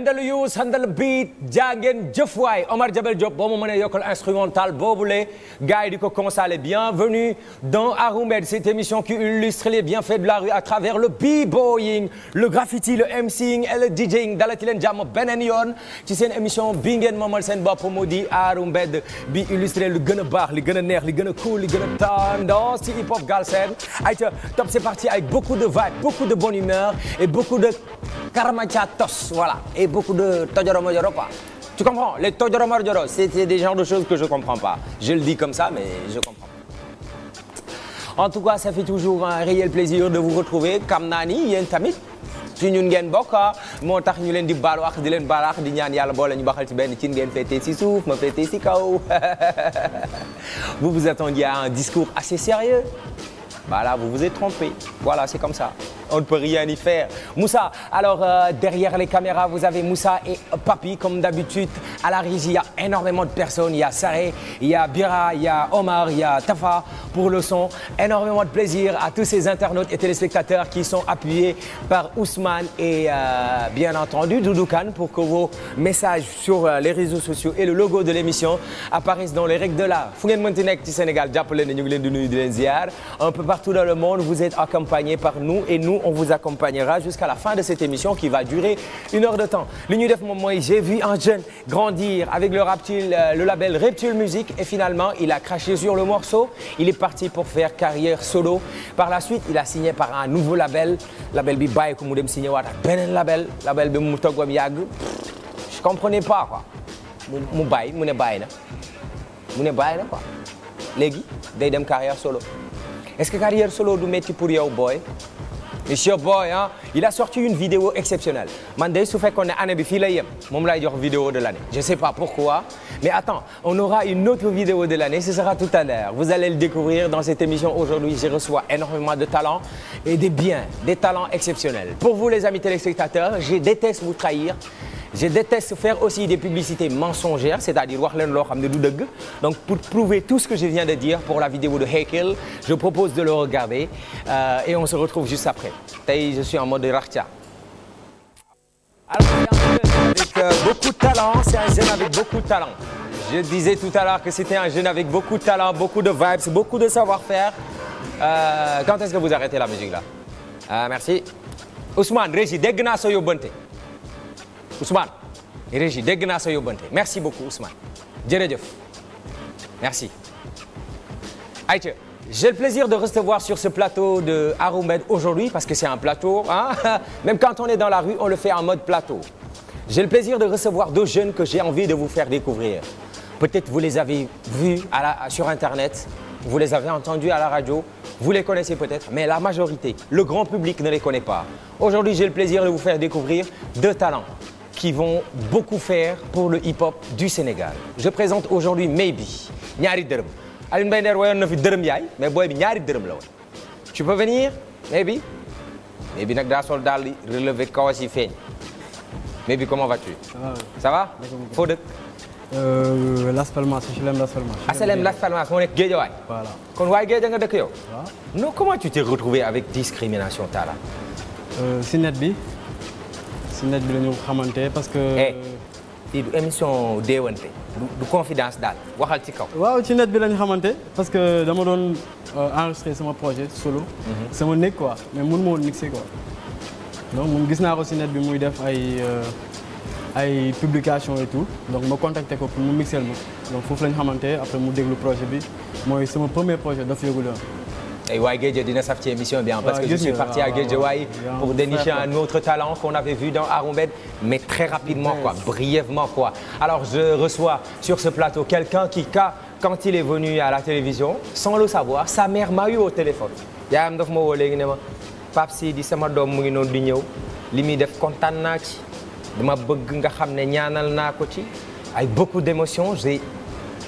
Andalouse handal beat jangeen jëf waay Omar Jabel Diop boo ma mënee yokkal instrumental boobule gars yi di ko consale bienvenue dans Arru-Med cette émission qui illustre les bienfaits de la rue à travers le b-boying le graffiti le MCing et le DJing dalati leen jàmm beneen yoon ci seen émission bi ngeen moomal seen bopp moo di Arru-Med bi illustré lu gën a baax li gën a neex li gën a cool li gën a tendance ci hip hop galsen ayca top c'est parti avec beaucoup de vibe beaucoup de bonne humeur et beaucoup de karmacha tos voilà et beaucoup de tojoro-mojoro quoi. Tu comprends? Les tojoro-mojoro, c'est c'est des genres de choses que je comprends pas. Je le dis comme ça mais En tout cas, ça fait toujours un réel plaisir de vous retrouver xam naa ni yéen tamit ci ñun ngeen bokk ah. moo tax ñu leen di baal wax di leen baal wax di ñaan yàlla boole ñu baxal ci benn cin ngeen féetee ci suuf ma féetee ci kaw vous vous attendiez à un discours assez sérieux vous vous êtes trompé. Voilà, c'est comme ça. On ne peut rien y faire. Moussa, alors euh, derrière Moussa et Papi, comme d'habitude. À la régie, il y a énormément de personnes. a Saré, il y a Bira, il y a Omar, a Tafa pour le son. Énormément de plaisir à tous ces internautes et téléspectateurs qui sont appuyés par Ousmane et euh, bien entendu Doudou pour que vos messages sur euh, les réseaux sociaux et le logo de l'émission apparaissent dans les règles de l'art. Fu ngeen mënti nekk ci Sénégal, jàppale ne ñu ngi leen di nuyu di partout dans le monde, vous êtes accompagnés par nous et nous, on vous jusqu'à la fin de cette émission qui va durer une heure de temps. li ñuy def moom mooy j'ai vu un jeune grandir avec le Reptile, euh, le label Reptile Music et finalement il a craché sur le morceau. Il a signé par un nouveau label. Label bi bàyyi mu dem signé waat ak beneen label. Label bi mu toggoom yàgg. Je comprenais pas quoi. mu bàyyi mu ne bàyyi na. mu ne bàyyi de quoi. léegi est-ce que carrière solo du métti pour yow booy. monsieur Boy ah il a sorti une vidéo exceptionnelle man de su fekkoon ne année bi fii lay yem moom lay jox vidéo de l'année je sais pas pourquoi mais attends on aura une autre vidéo de l'année ce sera tout à l'heure vous allez le découvrir dans cette émission aujourd'hui je reçois énormément de talents et des biens des talents exceptionnels pour vous les amis téléspectateurs je déteste vous trahir je déteste faire aussi des publicités mensongères c'est-à-dire wax leen loo xam ne du dëgg donc pour prouver tout ce que je viens de dire pour la vidéo de Haeckel je propose de le regarder euh, et on se retrouve juste après tey je suis en mode rakhtia alors avec euh, beaucoup de talent c'est un jeune avec beaucoup de talent beaucoup de talent beaucoup beaucoup de savoir-faire euh, quand est-ce que vous arrêtez la musique là merci Ousmane Régie dégg naa soo Ousmane Régie dégg beaucoup Ousmane jërëjëf merci Aïcha j'ai le plaisir de recevoir sur ce plateau de Aromed aujourd'hui parce que c'est un plateau même quand on est dans la rue on le fait en mode plateau j'ai le plaisir de recevoir deux jeunes que j'ai envie de vous faire découvrir peut-être vous les avez vus sur internet vous les avez entendus à la radio vous les connaissez peut-être mais la majorité le grand public ne les connaît pas aujourd'hui j'ai le plaisir de vous faire qui vont beaucoup faire pour le hip-hop du Sénégal. Je présente aujourd'hui Maybe ñaari dërëm Alioune Mbaye Nder woyoon na fi dërëm yaay mais booy bi ñaari dërëm la woon. tu peux venir Maybe Maybe nag daa sol daal relevé kawas yi feeñ Maybe comment vas-tu. ça va foo dëkk. Euh, Las Palmas HLM Las Palmas. HLM Las Palmas moo nekk Géejawaay. voilà kon waaye Géeja nga dëkk yow. non comment tu t'es retrouvé avec discrimination Talla. Euh, si net bi. si net bi lañu ñu xamante parce que. Eh, du émission déewante du confidence daal waxal ci kaw. waaw ci net bi la xamante parce que dama doon euh, enregistré sama projet solo. Mhm. sama nekk quoi mais mun ma woon mixé quoi. donc moom gis naa ko si net bi muy def ay euh, ay publication et tout donc ma contacté ko pour mu mixel ma donc foofu la ñu xamante après mu déglu projet bi mooy sama premier projet daf yëgu la waaye Guédiawaye dina saf ci émission bien parce que je suis parti à Guédiawaye pour dénicher un autre talent qu'on avait vu dans Aroumbed mais très rapidement quoi brièvement quoi alors je reçois sur ce plateau quelqu'un qui a quand il est venu à la télévision sans le savoir sa mère m'a eu au téléphone yaayam daf ma woo léegi ne ma Pape Sidi sama doom mu ngi noonu di ñëw li muy def kontaan naa ci dama bëgg nga xam ne ñaanal naa ko ci ay beaucoup d'émotions j'ai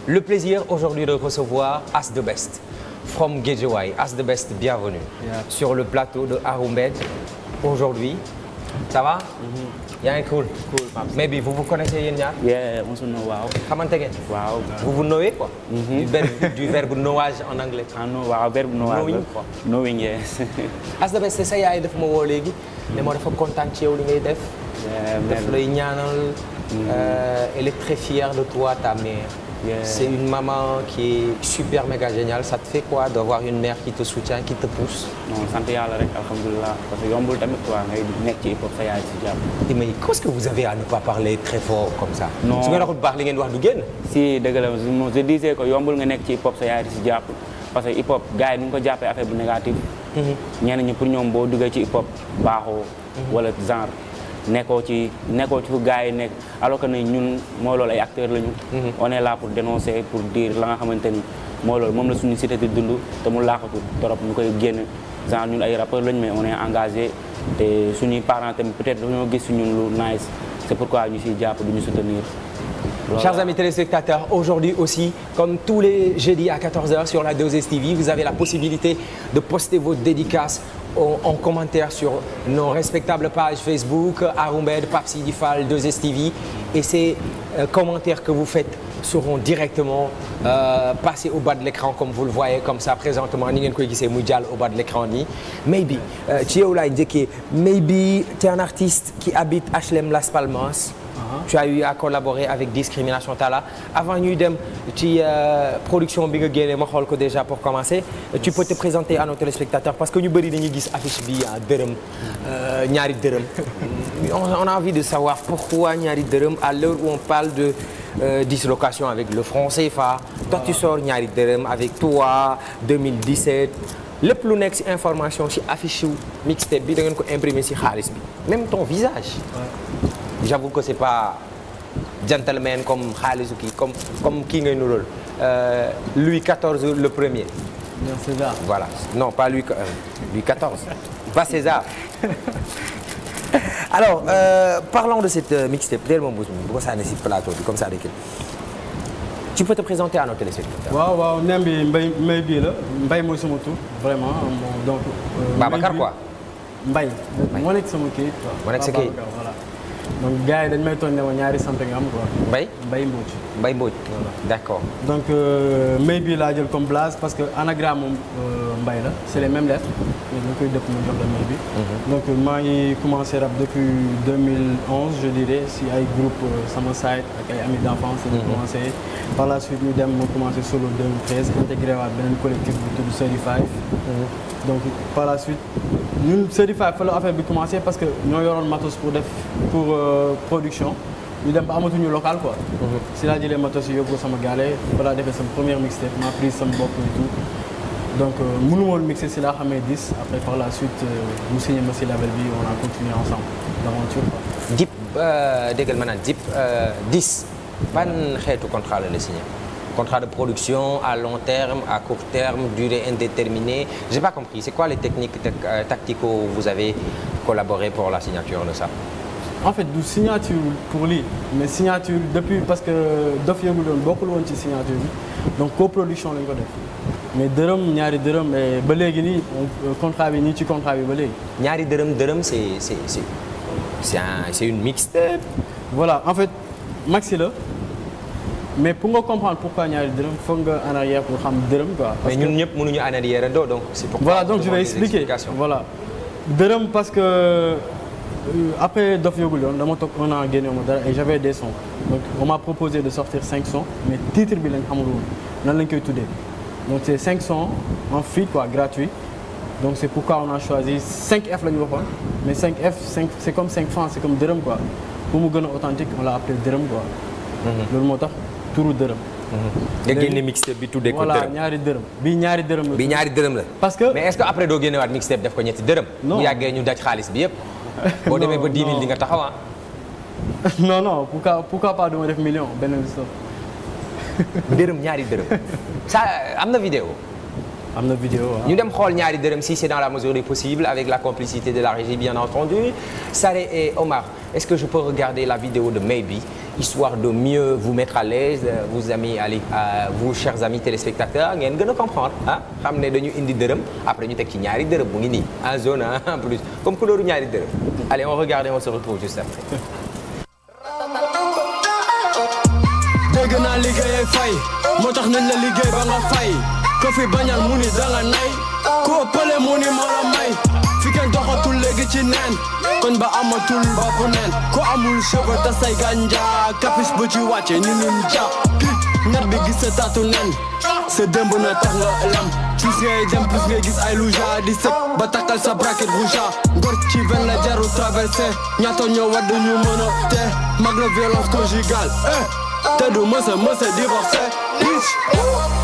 le plaisir aujourd'hui de recevoir As The Best from Guédiawaye as the best bienvenue yeah. sur le plateau de Aroumbed aujourd'hui ça va mm-hmm. yaa ngi cool cool mais bi vous vous connaissez yéen ñaar yeah on se know waaw xamante ngeen waaw vous vous knowez quoi mm -hmm. du verbe du verbe knowage en anglais ah no waaw verbe knowage knowing quoi knowing yes as the best sa yaay daf ma woo léegi ne mm. ma dafa kontaan ci yow li ngay def daf lay ñaanal mm-hmm. euh, elle est très fière de toi ta mère Yeah. C'est une maman qui est super méga géniale ça quoi d'avoir une mère qui te soutient qui te pousse. non sant rek alhamdulilah parce que yombul tamit quoi ngay nekk ci hip-hop sa yaay si jàpp. mais qu'est-ce que vous avez ne pas parler très fort comme ça. non su ngeen waxul baax li ngeen wax du génn. si dëgg la je nekk ci hip-hop sa yaay si jàpp parce que hip-hop gars yi nu ñu ko affaire bu négatif. Mhm. ñenn ñi pour ñoom boo duggee ci hip-hop baaxoo. Mhm. nekkoo ci nekkoo ci fu gars yi nekk alors que ne ñun mooy loolu ay acteurs lañu. Mhm. on est là pour dénoncer la nga xamante ni mooy loolu moom la suñu cité di dund te mu laaxatu trop ñu koy génn genre ñun ay rappeurs lañu mais on est engagé te suñuy parents tamit peut-être dañoo gis si ñun lu nice c'est pourquoi ñu si jàpp du ñu soutenir. Voilà. Chers amis téléspectateurs, aujourd'hui aussi, comme tous les jeudis à 14 sur la 2STV, vous avez la possibilité de poster vos dédicaces en commentaire sur nos respectables pages Facebook, Aroumbed, Pape Sidi Fall, 2STV. Et ces euh, commentaires que vous faites seront directement euh, passés au bas de l'écran comme vous le voyez comme ça présentement ni ngeen koy gisee muy jàll au bas de l'écran nii maybe euh, ci yow laay njëkkee maybe tu es un artiste qui habite HLM Las Palmas tu as eu à avant ñuy dem ci euh, production bi nga génnee ma xool ko déjà pour commencer tu peux te présenter à nos téléspectateurs parce que ñu bëri dañuy gis affiche bi euh, dërëm euh, ñaari dërëm on a envie de savoir pourquoi ñaari dërëm à l'heure où on parle de Euh, dislocation avec le franc CFA. toi tu sors ñaari dërëm avec toi 2017. lépp lu nekk ci information ci affiche mixtape bi da ngeen ko imprimer ci xaalis bi même ton visage. j'avoue que c'est pas gentleman comme xaalisu kii comme comme kii ngay nuróol euh, Louis XIV le premier. non César. voilà non pas Louis euh, Louis XIV va César. alors euh, parlons de cette euh, mixtape teel moom bu ko sànni si plateau bi comme ça dëkk tu peux te présenter à nos téléspectateurs. waaw waaw nem bi mbay mbay bii la mbay mooy sama tur vraiment bon donc. Euh, Babacar quoi. mbay moo nekk sama kii. moo nekk sa kii voilà. donc gars yi dañ may tooñ ne ma ñaari sant nga am mbay Mbaye Mbaye Mbodj. Mbaye Mbodj voilà d' accord. donc euh, mbay bii laa jël comme place parce que anagramme euh, mbay la c' le même mêmes lettres mais dañ koy dëpp mu jox bi. Mhm. donc euh, maa ngi commencé rap depuis 2011 je dirais si ay groupe sama site ak ay amis d' enfance. dañu mhm. par la suite ñu dem ma commencé solo 2013 intégré waat beneen collectif bu tudd Serify. donc par la suite ñun Serify fa la affaire bi commencé parce que ñoo yoroon matos pour def pour euh, production ñu dem ba amatuñu local quoi. Mhm. si laa jëlee matos yi yóbbu sama gaale balaa defee sama première mixtape ma prise sama bopp et tout donc euh, mënu woon mixé si laa xamee 10 après par la suite euh, mu signé ma si bi on a continué ensemble l'aventure quoi. Dip déggal ma naan Dip 10 ban xeetu contrat la la contrat de production à long terme, à court terme, durée indéterminée. J'ai pas compris. C'est quoi les techniques euh, tactico où vous avez collaboré pour la signature de ça en fait du signature pour lii mais signature depuis parce que dof yëngu doon bokkul woon ci signature bi donc coproduction lañ ko def mais dërëm ñaari dërëm ba léegi nii euh, contrat bi nii ci contrat bi ba léegi. ñaari dërëm dërëm c'est c'est c'est un c'est une mixtape. voilà en fait maxi la. mais pour nga comprendre pourquoi ñaari dërëm foog nga en arrière pour xam dërëm quoi. parce que mais ñun ñëpp mënuñu en arrière doo donc. c'est pourquoi voilà donc je vais expliquer voilà. dërëm parce que euh, après Dof Yóbbu Yoon dama toog un an génne ma dara j'avais des sons on m'a proposé de sortir cinq sons mais titre bi lañ amul woon nan lañ koy tuddee donc c'est cinq sons en feed quoi gratuit donc c'est pourquoi on a choisi f la ñu waxoon mais 5F c'est comme 5 francs c'est comme dërëm quoi pour mu gën a authentique on l'a appelé mhm. moo tax. turu dërëm. Mhm. nga génne mixtape bi tuddee ko dërëm voilà ñaari dërëm bii ñaari dërëm la. bii ñaari dërëm la. parce que mais est-ce que après doo génnewaat mixtape def ko ñetti dërëm. non bu yàggee ñu daj xaalis bi yëpp. boo demee ba 10 000 di nga taxaw ah. non non pa pourquoi def million benn mixtape. dërëm ñaari dërëm sa am na vidéo am na vidéo waaw ah. ñu dem xool ñaari dërëm si c'est dans la mesure du possible avec la complicité de la régie bien entendu Saré Omar. est-ce que je peux regarder la vidéo de Maybe histoire de mieux vous mettre à l'aise euh, vous amis ali euh, vous chers amis téléspectateurs ngeen gën a comprendre ah xam ne dañu indi dërëm après ñu teg ci ñaari dërëm mu ngi nii en zone en plus comme couleur ñaari dërëm allez on regarde et on se retrouve juste après dégg naa liggéey fay moo tax nañ la liggéey ba nga fay ko fi bañal mu ni danga nay ku ëppale mu ni moo may fi kenn doxatul léegi ci neen kon ba amatul bopp neen ku amul cheveux te say ganja kapis bu ci wàcce ñu nun jàpp ñat bi gis sa taatu neen sa démb na tax nga lam plus ngay dem gis ay louja di sëb ba takkal sa bracket rouja ngor ci benn la jaru traversé ñaata ñoo war ñu mën a te mag la violence conjugale eh. te du mësa mësa divorcé bitch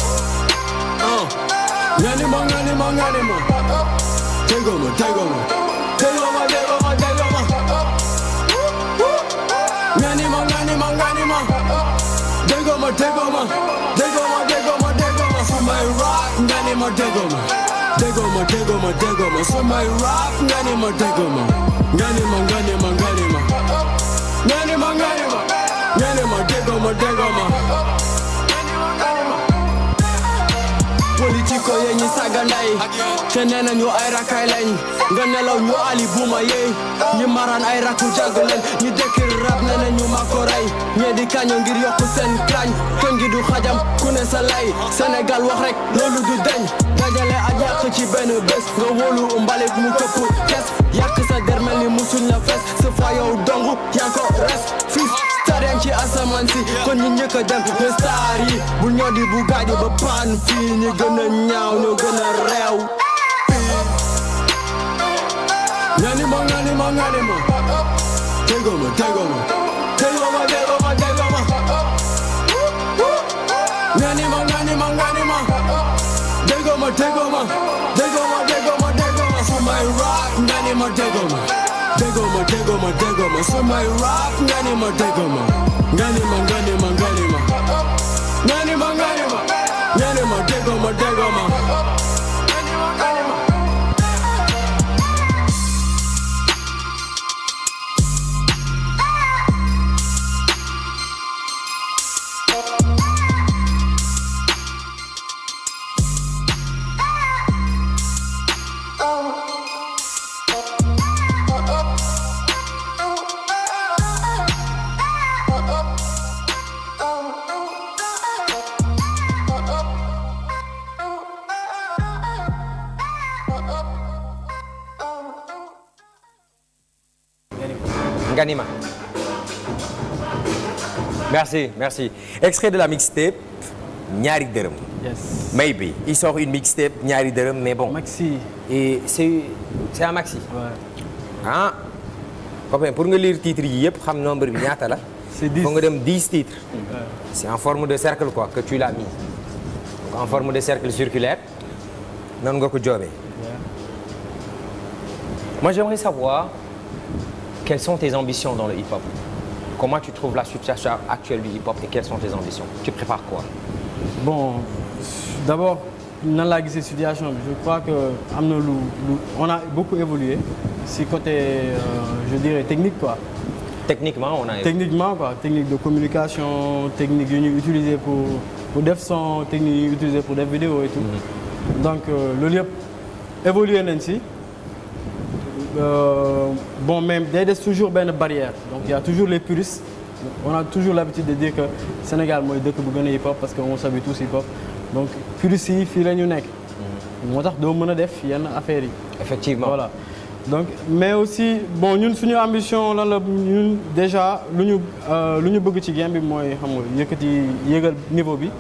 Nyanima, nyanima, nyanima. Take over, take over. Take over, take over, take over. Nyanima, nyanima, nyanima. Take over, take over. Take over, take over, take over. From my rock, nyanima, take over. Take over, take over, take over. From my rock, nyanima, take over. Nyanima, nyanima, nyanima. Nyanima, nyanima. Nyanima, take over, take over. ko yee ñi saaga ndey te nee nañu ay rakay lañ nga nelaw ñu ali buuma ñi maran ay raku jàgg leen ñi dëkkir rab nee nañu ma ko rey ñee di kaño ngir yokku seen kañ kon gi du xajam ku ne sa lay Sénégal wax rek loolu du deñ dajale ak yàq ci benn bés nga wóolu mbalit mu këpp kes yàq sa der mel ni musul na fes sa fa yow dong res fii xarañ ci asamaan si kon ñu njëkk a dem ne yi bu ñoo bu gaadi ba paan fii gën a ñaaw ñoo gën a réew ñani ma ñani ma ñani ma tego ma tego ma tego ma tego ma tego ma ñani ma ñani ma ñani ma tego ma tego my rock ñani ma tego ma dégoma dégoma dégoma samay rap nga ni ma dégoma nga ni ma nga ni ma nga ni merci merci extrait de la mixtape ñaari dërëm. yes maybe il sort une mixtape ñaari dërëm mais bon. maxi et c'est un maxi. Ah. pour nga lire titres yi yëpp xam nombre bi ñaata la. c'est dix dem dix titres. Ouais. c'est en forme de cercle quoi que tu l'as mis. en forme de cercle circulaire noonu nga ko joobee. moi j'aimerais savoir quelles sont tes ambitions dans le hip-hop. Comment tu trouves la situation actuelle du hip-hop et quelles sont tes ambitions Tu prépares quoi Bon, d'abord, dans la situation, je crois que on a beaucoup évoluer Si côté, euh, je dirais, technique, quoi. Techniquement, on a évolué. Techniquement, quoi. Technique de communication, technique utilisée pour, pour des sons, technique utilisée pour des vidéos et tout. Mm-hmm. Donc, euh, le lieu évolué, Nancy. euh, bon même day des toujours benn barrière donc il toujours les puristes on a toujours l'habitude de dire que Sénégal mooy dëkk bu gën a hip hop parce que on s'habille tous hip hop donc puristes yi fii la ñu nekk mm-hmm. moo tax doo mën a def yenn affaire yi effectivement voilà donc mais aussi bon ñun suñu ambition lan la ñun déjà lu ñu euh, lu ñu bëgg ci game bi mooy xam nga yëkkati yégal niveau bi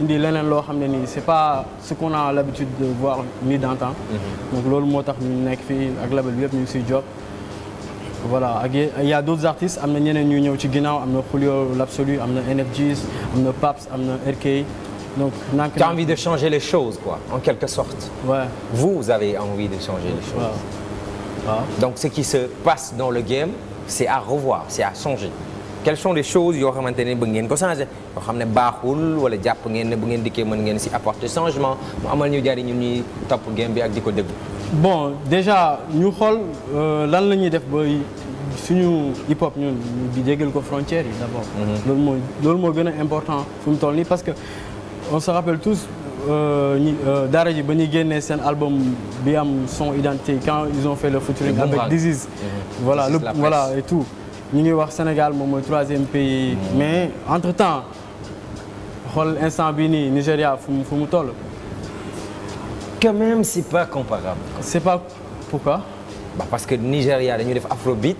indi leneen loo xam ne nii c'est pas ce qu'on a l'habitude de voir ni d'entendre mhm. donc loolu moo tax ñu nekk fii ak label bi yëpp ñu ngi siy job voilà ak y a d'autres artistes am na ñeneen ñu ñëw ci ginnaaw am na Julio l'absolu am na NFGs am na Paps am na RK donc naa tu as envie de changer les choses quoi en quelque sorte. Ouais. vous avez envie de changer les choses. Ouais. Ouais. donc ce qui se passe dans le game c'est à revoir c'est à changer. quelles sont les choses yoo xamante ne bëgg ngeen ko changé yoo xam ne baaxul wala jàpp ngeen ne bu ngeen dikkee mën ngeen si apporter changement mu amal ñu jariñ ñun ñuy topp game bi ak di ko déglu. bon déjà ñu xool euh, lan la ñuy def ba suñu hip hop ñun di jégal ko frontières yi d'abord. Mhm. loolu mooy loolu moo gën a important fu mu toll nii parce que on se rappelle tous. Euh, ñi euh, daara ji ba ñuy génnee seen album bi am son identité quand ils ont fait le featuring avec Diziz mhm. voilà le tout ñu ngi wax Sénégal moom mooy troisième pays. mais entre temps xool instant bii nii Nigéria fu mu fu mu toll. quand même c'est pas comparable. c'est pas pourquoi. Bah parce que Nigéria dañu def afrobeat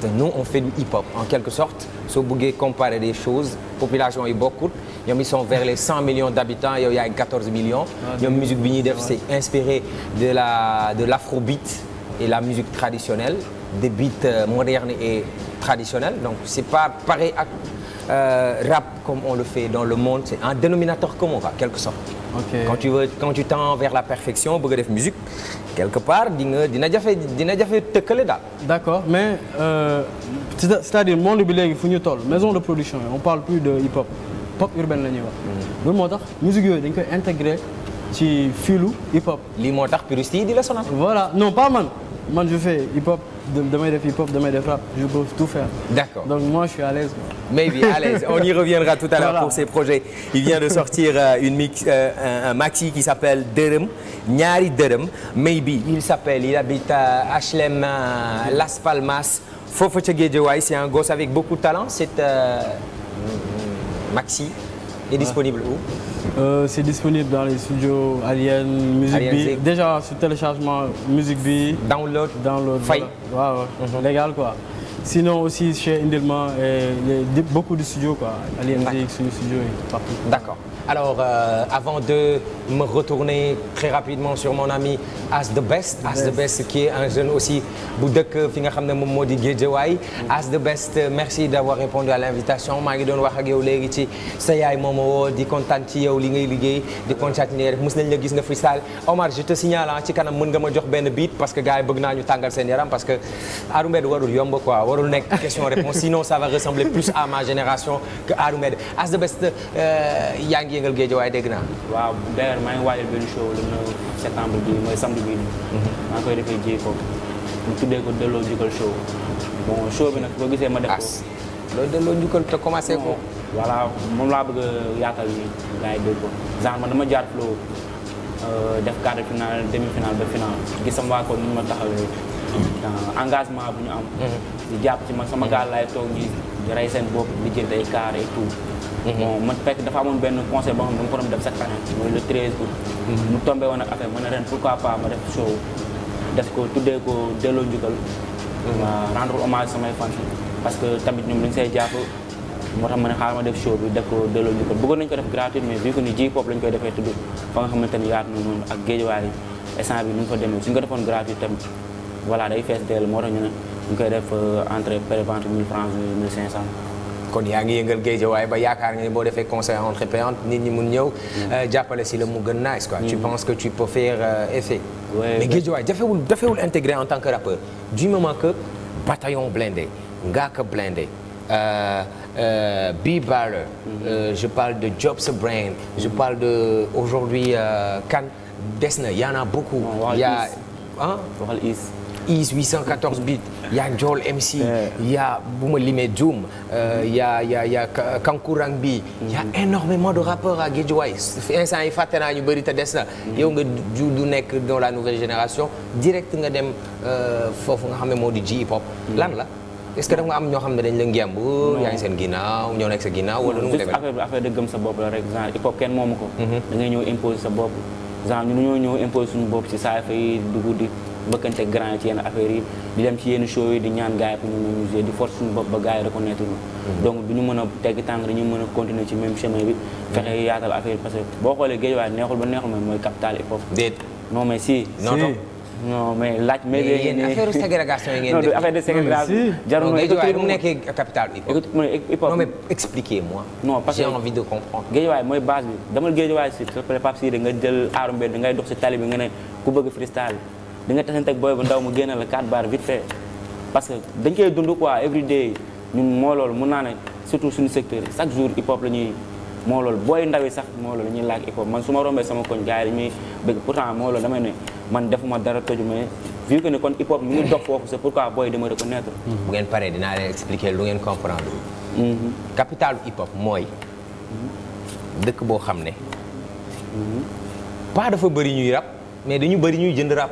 te nous on fait du hip hop en quelque sorte soo bëggee comparer des choses population yi bokkut ñoom ils sont vers les cent millions d'habitants yow yaay quatorze millions. Ah, ñoom musique bi ñuy def c'est inspiré de la de l'afrobeat et la musique traditionnelle. des beats euh, modernes et traditionnels donc c'est pas pareil ak euh, rap comme on le fait dans le monde c'est un dénominateur commun quoi quelque sorte. ok quand tu veux quand tu tends vers la perfection musique quelque part di nga dina jafe dina jafe tëkkale daal. d'accord mais euh, c'est-à-dire bi léegi fu ñu toll maison de production yi on parle plus de hip-hop pop urbaine la ñuy wax. Mm. loolu moo tax musique yooyu dañ koy intégrer ci filu hip-hop. lii moo tax puriste yi di la sonal. voilà non pas man man je fais hip-hop. damay def hip hop damay def rap je peux tout faire. d'accord donc moi je suis à l'aise. maybe à l'aise on y reviendra tout à l'heure voilà. pour ces projets il vient de sortir euh, une mix euh, un, un maxi qui s'appelle Dërëm ñaari Dërëm maybe il s'appelle il habite à HLM euh, Las Palmas foofu ca Guédiawaye c'est un gosse avec beaucoup de talent c'est euh, maxi est disponible où Euh, c'est disponible dans les studios Alien musique bi déjà sur téléchargement musique bi. download download fay voilà. waaw mm légal quoi. sinon aussi chez Indelma et les beaucoup de studios quoi. Alien musique suñu studio yi partout. d'accord. alors euh, avant de me retourner très rapidement sur mon ami As the Best. As the Best bu dëkk fi nga xam ne moom moo di Guédiawaye. Mm-hmm. As the Best euh, merci d'avoir répondu à l'invitation maa ngi doon wax ak yow léegi ci sa di kontaan ci yow li ngay liggéey di continuer rek mos nañ la gis nga freestyle Omar je te signale ah, ci kanam mën nga ma jox benn beat parce que gars yi bëgg naa ñu tàngal seen yaram parce que Arru Mbed warul yomb quoi warul nekk question réponse sinon ça va ressembler plus à ma génération que Arru As the euh, waaj yëngal géej waaye dégg naa. waaw d'ailleurs maa ngi waajal benn show le 9 septembre bi mooy samedi bii mhm. maa ngi koy defee ji ko ñu tuddee ko delloo njukkal show bon show bi nag boo gisee ma def ko. as loolu delloo njukkal te commencé ko. voilà moom laa bëgg a yaatal nii gars yi dégg ko genre man dama jaar flow euh, def quart de finale demi finale ba finale gis sama waa ko ni ma taxawee engagement bu ñu am. Mhm. di jàpp ci man sama mhm. gaal laay toog nii. rey seen bopp lijjanti ay kaar et tout. Mhm. bon man fekk dafa amoon benn conseil boo xam ne mhm. mu tombé woon ak affaire ma ne ren pourquoi pas ma def show def ko tuddee ko delloo njukkal. Mhm. rendre hommage bi def ko delloo ñu ko bëggoon nañu ko def gratuite mais vu que ni ji pop lañ koy defee tudd fa nga xamante ni yaatu noonu ak géejuwaay instant bi nu fa demee suñ ko defoon gratuite tamit voilà day fees dell moo tax ñu ne ñu koy def euh, entrée pré-vente 1000 francs 1500. kon yaa ngi yëngal géej waaye ba yaakaar nga ni boo defee conseil entrée payante nit ñi mun ñëw. Mm. Euh, jàppale si la mu gën nice quoi. tu mm. penses que tu peux faire euh, effet. mais géej waaye jafewul jafewul intégré en tant que rappeur. du moment que Bataillon Blindé Ngaaka Blindé. Euh, euh, Bee Baller. Mm-hmm. Euh, je parle de Jobs Brain. je mm-hmm. parle de aujourd'hui kan des na y en a beaucoup. il y a ah. IS 814 bits il y a Joel MC. il eh. a bu ma limee Doom. il eh, y a il y a il hmm. y a bi. il a énormément de rappeurs à Guédiawaye instant yi fàtte naa ñu bëri te des na. Hmm. yow nga ju du nekk dans la nouvelle génération direct nga dem euh, foofu nga xam ne moo di ji hip hop hmm. lan la. est-ce que da nga am ñoo xam ne dañ la ngemb. yaa ngi seen ginnaaw ñoo nekk sa ginnaaw. wala nu mu demee affaire bi affaire sa bopp la rek genre hip hop kenn moomu ko. da ñëw imposer sa bopp genre ñun bëkkante grand ci yenn affaires yi di dem ci yenn show yi di ñaan gars pour ñu ñu musée di force suñu ba gars yi reconnaître mm-hmm. donc du ñu mën a tegg tànk dañuy mën a continuer ci même chemin fexe yaatal affaire yi parce que boo xoolee Guédiawaye neexul ba neexul mais mooy capital hip hop déet non mais mooy base bi damal Guédiawaye si Pape Sidi nga jël aaru mbedd ngay dox si tali ku bëgg freestyle di nga tasante ak booy bu ndaw mu génne la 4 bar vite fait parce que dañ koy dund quoi everyday ñun moo loolu mun naa ne surtout suñu secteur chaque jour hip hop la ñuy moo loolu booy ndaw yi sax moo loolu la ñuy laaj hip hop man su ma rombee sama koñ gars yi dañuy bëgg pourtant moo loolu damay ne man defuma dara toju mais vu ko ne kon hip hop mu ngi dox foofu c'est pourquoi booy dama reconnaître mm-hmm. bu ngeen paree dinaa leen expliquer lu ngeen comprendre. Mm-hmm. capitalu hip hop mooy mm-hmm. dëkk boo xam ne. pas bëri ñuy rap mais dañu bëri ñuy jënd rap.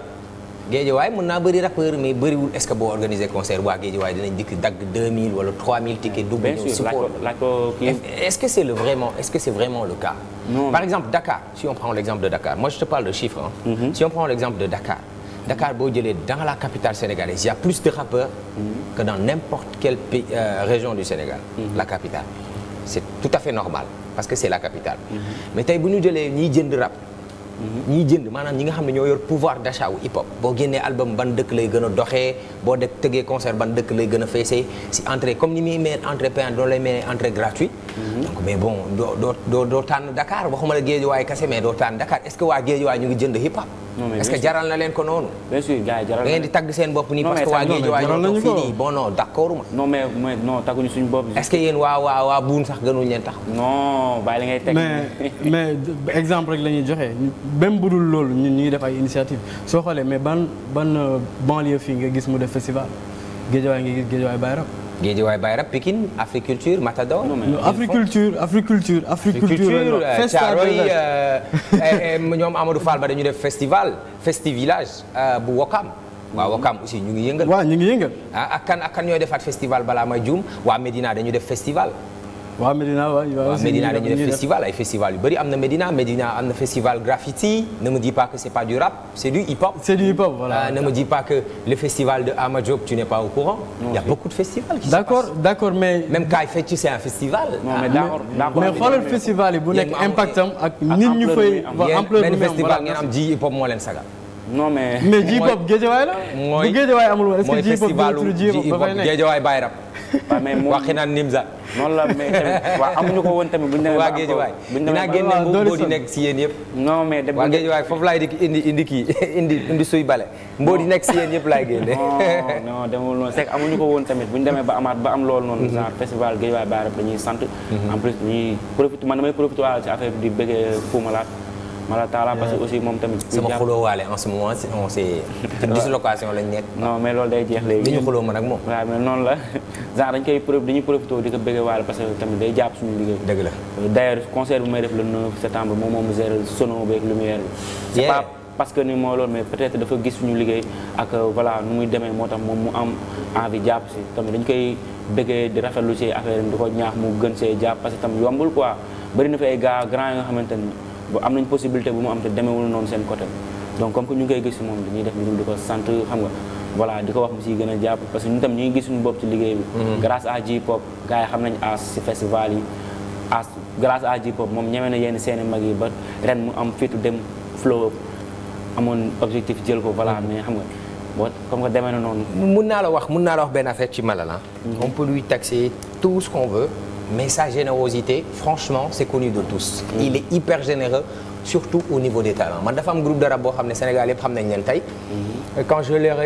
géejewaay mën naa bëri rappeur mais bëriwul est-ce que boo organisé concert waa géejewaay dinañ dikk support est-ce que c'est vraiment le cas. par exemple Dakar si on prend l'exemple de Dakar moi je te parle de mm-hmm. Dakar. Dakar boo dans la capitale sénégalaise y a plus de rappeurs. Mm-hmm. que dans n'importe quelle pays, euh, région du Sénégal. Mm-hmm. la capitale. c'est tout à fait normal parce que c'est la capitale. mais tey bu ñu jëlee ñiy jënd rap. ñiy jënd maanaam ñi nga xam ne ñoo yor pouvoir d'achat wu hip hop boo génnee album ban dëkk lay gën a doxee boo de tëgee concert ban dëkk lay gën a feesee si entrée comme ni muy mel entrée payante doonu lay mel entrée gratuite donc mais bon doo doo doo doo tànn Dakar waxuma la Géejawaay kese mais doo tànn Dakar est-ce que waa ñu ngi jënd hip hop. est jaral na leen ko noonu. bien sûr gars tagg seen bopp nii parce que waa Géejawaay ñu toog fii nii bon mais mais non tagguñu suñu bopp. est-ce que yéen waa waa waa buun sax gënuñ leen tax. la ngay teg. mais mais exemple rek la joxe même bu dul loolu ñun ñu ngi def ay initiative soo xoolee mais ban ban euh, banlieue fii nga gis mu def festival Géejawaay nga gis Géejawaay Bayrap Guédiawaye Baye Rap Pikine Africulture Matador. Africulture Africulture Africulture Caaroy euh, euh, ñoom Amadou Fall ba dañu def festival festivillage village euh, bu Wokam. waa Wakaam aussi ñu ngi yëngal. waaw ñu ngi yëngal. ah ak kan ak kan ñooy defaat festival balaa may juum waa Medina dañu def festival. waa Medina waaw Medina dañuy def festival ay festival yu bëri am na Medina Medina am na festival graffiti ne me dis pas que c'est pas du rap c'est du hip hop. c'est du hip hop voilà. Euh, ne me dis pas que le festival de Ama Diop tu n'es pas au courant. il y a beaucoup de festivals qui se passent. d'accord d'accord mais. même Kaay Fecc c'est un festival. non mais d'accord d'accord mais xoolal festival yi bu nekk impact am ak. nit ñu fay ampleur benn festival ngeen am ji hip hop moo leen sagal. non mais mais ji hip hop géejawaay la. mooy mooy festivalu ji hip hop géejawaay Bayrap. waaw mais moom waxi naan Nimza. noonu la mais tamit waaw amuñu ko woon tamit buñu demee. waa nekk si yéen yëpp. non mais dem waa Géejawaay foofu laay di indi suy bale. mbóot di yëpp laay génne. non non demul noonu amuñu ko woon tamit buñu demee ba amaat ba am loolu noonu. Mhm. genre festival Géejawaay Baarab dañuy sant. Mhm. en plus ñuy profité man damay profité waale ci di bëggee Fou mala taala parce que aussi moom tamit. sama xulóowaale en ce moment si on s'est. ci dislocation lañ nekk. non mais moom. waaw mais noonu la genre dañ koy pro dañuy profité di ko bëggee waale parce la d'ailleurs moom moom géré sono beeg lumière bi. parce ni moo loolu mais peut dafa gis suñu liggéey ak voilà nu muy demee moo tax mu am envie jàpp si tamit dañ koy bëggee di rafetlu si affaire di ko ñaax mu gën see jàpp parce tamit yombul quoi bëri na fi ay ba am nañ possibilité bu mu am te demewul noonu seen côté donc comme que ñu ngi gis moom dañuy def lu di ko sant xam nga voilà di ko wax mu siy gën a jàpp parce que ñun tam ñu ngi gis suñu bopp ci liggéey bi mm-hmm. grâce à J-pop gars yi xam nañ as si festival yi as grâce à J-pop moom ñeme na yenn seeni mag yi ba ren mu am fitu dem flow amoon objectif jël ko voilà mais xam nga boo comme que demee na noonu mun naa la wax mun naa la wax benn affaire ci Malala mm-hmm. on peut lui taxer mais sa générosité franchement c'est connu de tous. Mm. il est hyper surtout au niveau des talents man defa am groupe de rap boo xam ne Sénégal yëpp xam nañ leen tey. Mm-hmm. quand je leur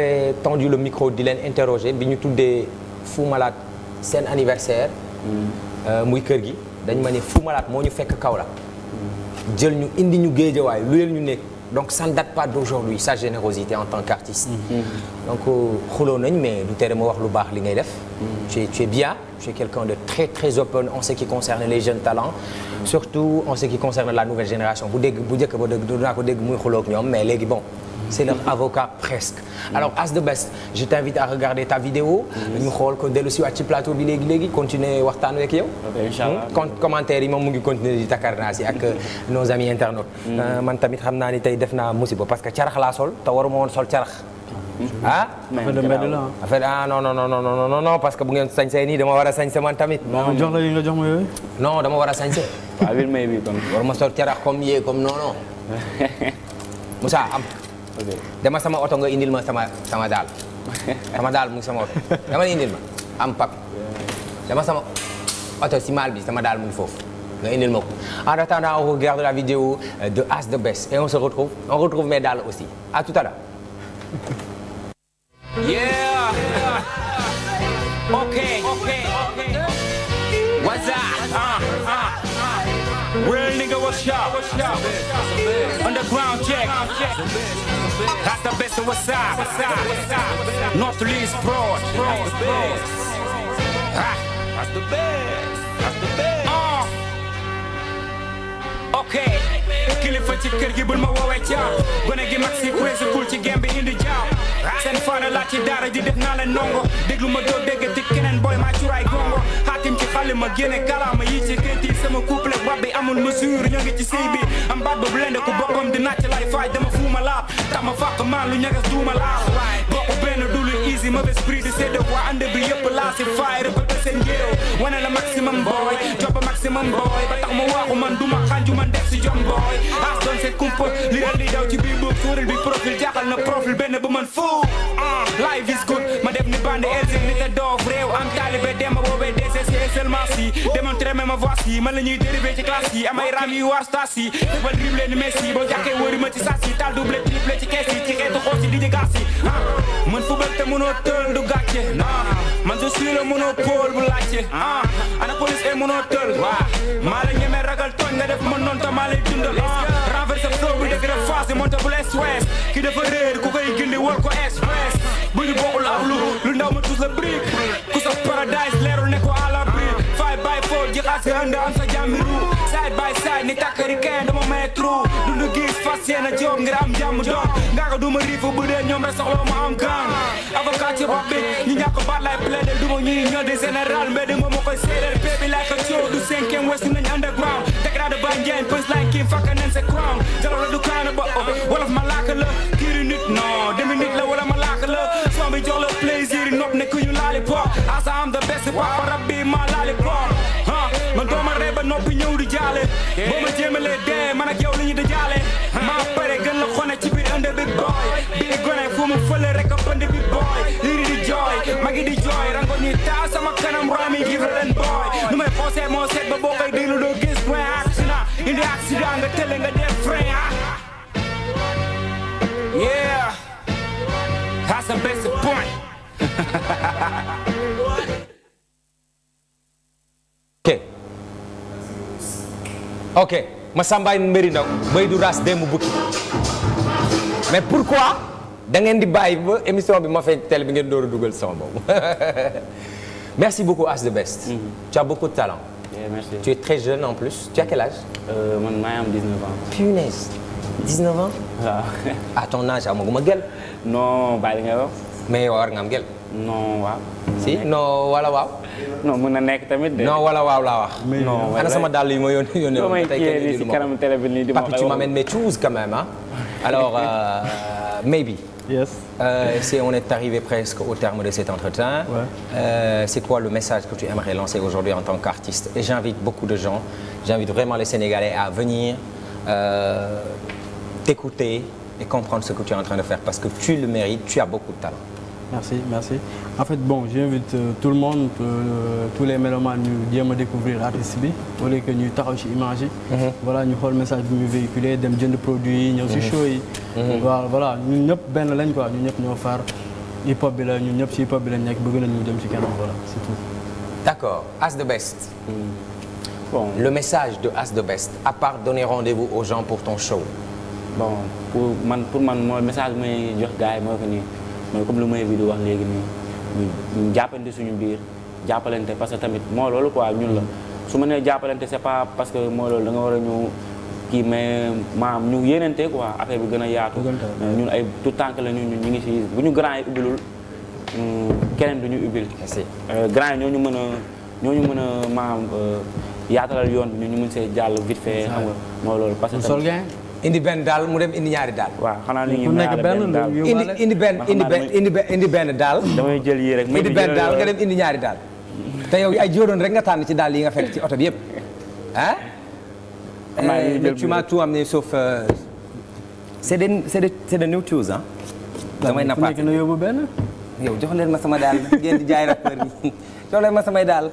tendu le micro di leen interroger bi ñu tuddee Fou Malade seen anniversaire. Mm. Euh, muy kër gi dañ ma ne Fou Malade moo ñu fekk Kaolack. Mm. jël ñu indi ñu géejawaay luyel ñu nekk. donc ça ne date pas d'aujourd'hui sa générosité en tant qu'artiste mm-hmm. Mm-hmm. donc euh, xuloo nañ mais du tere ma wax lu baax li ngay def mm-hmm. tu tu es bien tu es quelqu'un de très très en ce qui concerne les jeunes talents surtout en ce qui concerne la nouvelle génération bu dégg bu njëkk ba dégg dinaa ko dégg muy xuloo ak mais léegi bon c'est leur avocat presque. Mm. alors As de Best je t'invite à regarder ta vidéo. ñu xool ko dellu si waat ci plateau bi léegi léegi continuer waxtaan ak yow. incha hmm? commentaire yi moom mu ngi continuer di ak mm. euh, nos amis internautes. Mm. Euh, man tamit xam naa ni tey def naa musiba parce que carax laa sol te waruma woon sol carax. ah. affaire ah non non non non non parce que bu ngeen sañsee nii dama war a sañse man tamit. non dama war a sañse. sol carax comme yee comme dama sama oto nga indil ma sama sama daal sama daal mu ngi sama oto dama indil ma am pap dama sama oto si maal bi sama daal mu ngi foofu nga indil ma ko en attendant on regarde la vidéo euh, de As de Bes et on se retrouve on retrouve mes daal aussi à tout à l'heure yeah. yeah. okay. okay. what's up? Underground Jack. Got the best of what's up. North Leeds Broad. That's the best. That's the best. Uh. Okay. Kilifa ci kër gi bul ma woowee jaaw gone gi mag si kuréel si kul ci gembi indi jaaw seen faana laa ci daara ji def naa leen ndongo déglu ma doo déggati keneen booy maa curaay gongo xaatim ci xale ma génne kalaama yi ci kayit yi sama couple bab bi amul mesure ñoo ngi ci sëy bi am baat ba bu lende ku boppam di nàcc lay faaj dama fuuma laab tax ma fàq maan lu ñagas duuma laal bokk easy ma bés prix di séddoo waa ànd bi yëpp laa si faay répété seen géew wane la maximum booy joppa maximum booy ba tax ma waaxu man duma xanju man def si jom booy aas doon cool ah life is good ma def ni bande elgin nit a doof réew am taalibe dem ma boobee DCC seulement si démontrer ma ma voici man la ñuy ci classe yi amay ram yu war stas yi dëbal ni Messi boo jàkkee wëri ma ci sas yi tal double ci kees ci xeetu xoos yi di di gas yi ah man te mënoo tël du gàcce ah man je suis le bu laajte ah ana police tël waa maa ñemee ragal tooñ nga def ma noonu te maa lay dundal ah, traversé flow bi dëgg na face bi monté bu l'est-ouest ki dafa réer ku koy gindi war ko express bu ñu bokkul ak lu lu ndaw ma tuus la leerul ne ko à l'abri faay bàyyi foo ji xaas nga am sa jàmmi side by side ni takarikeen dama may trou dundu gis fas yéene jóob ngir am jàmm doon ngaa ko duma riifu bu dee ñoom rek soxla am gaan avocat ci ñu ñàkk baat lay plaidé duma ñuy ñoo di général mais di moom ma koy séeréer baby like a show du cinquième west nañ underground dégradé ba njeen punch like king fakka nen sa crown jalox la du kaana ba obe wolof ma laaka la kiiri nit non demi nit la wala ma laaka la son bi jox la plaisir noppi ñëw di jaale boo ma jéemalee dee man ak li ñu di jaale maa pare gën la xone ci biir ënd bi booy bii gone fu fële rek a pënd bi booy lii di jooy magi di jooy rango ni taa sama kanam raami yi la leen nu may xoosee moo seet ba boo koy déglu doo gis point accident indi accident nga tële nga def frein ah yeah that's the point ok ma sàmbaay mbëri ndaw bay du raas démb bukki mais pourquoi da ngeen di bàyyi ba émission bi ma fay télé bi ngeen door a dugal sama boobu merci beaucoup As the Best. Mhm. tu as beaucoup de talent. tu es très jeune en plus tu as quel âge. Euh, man maa ngi am 19 ans. punaise 19 ans. waaw. ton âge amaguma gel. non bàyyi nga mais yow war nga gel. non waaw. si non wala waaw. non mën na nekk tamit de. non wala waaw laa wax. non ana sama dàll yi ma yónnee yónnee woon. tey kenn du ma ko Pape tu m'amènes mes choses quand même hein. alors euh, maybe. yes. Euh, c'est on est arrivé presque au terme de cet entretien. Ouais. Euh, c'est quoi le message que tu aimerais lancer aujourd'hui en tant qu'artiste? Et j'invite beaucoup de gens, j'invite vraiment les Sénégalais à venir euh, t'écouter et comprendre ce que tu es en train de faire parce que tu le mérites, tu as beaucoup de talent. merci merci en fait bon j'invite euh, tout le monde euh, tous les mélomanes ñu jéem a découvrir artiste bi au lieu que ñuy taxaw ci image yi mhm. voilà ñu xool message bi muy véhiculé dem jënd produit yi ñëw ci mhm. show yi mhm. waaw voilà ñun ñëpp benn lañ quoi ñun ñëpp ñoo far hip hop bi la ñun ñëpp ci hip hop bi lañ nekk bëgg nañu dem ci kanam voilà c'est tout d'accord as the best hmm. bon le message de as the best à part donner rendez-vous aux gens pour ton show bon pour man pour man mooy message muy jox gars yi moo ko nii mooy comme lu may bi di wax léegi nii ñu jàppante suñu biir jàppalante parce que tamit moo loolu quoi ñun la su ma nee jàppalante c'est pas parce que moo loolu da war a ñëw kii mais maam ñu yéenante quoi affaire bi gën a yaatu euh, ñun ay tout tànk la ñun ñu ngi si bu ñu grand yi ubbilul hmm, keneen du ñu ubbil euh, grand yi ñu mën a ñoo ñu mën a maam euh, yaatalal yoon bi ñu mën see jàll vite fait xam nga moo loolu parce que indi benn daal mu dem indi ñaari daal. waaw xanaa ni ngeen daal indi indi benn indi benn indi benn daal. damay jël yii rek indi benn nga dem indi ñaari daal. te yow ay juróom rek nga tànn ci daal yi nga fekk ci oto bi yëpp ah. maa ngi jël tu m'as tout amené sauf. Euh, c'est des c'est jox leen ma sama daal ngeen di jaay rappeur bi jox leen ma samay daal.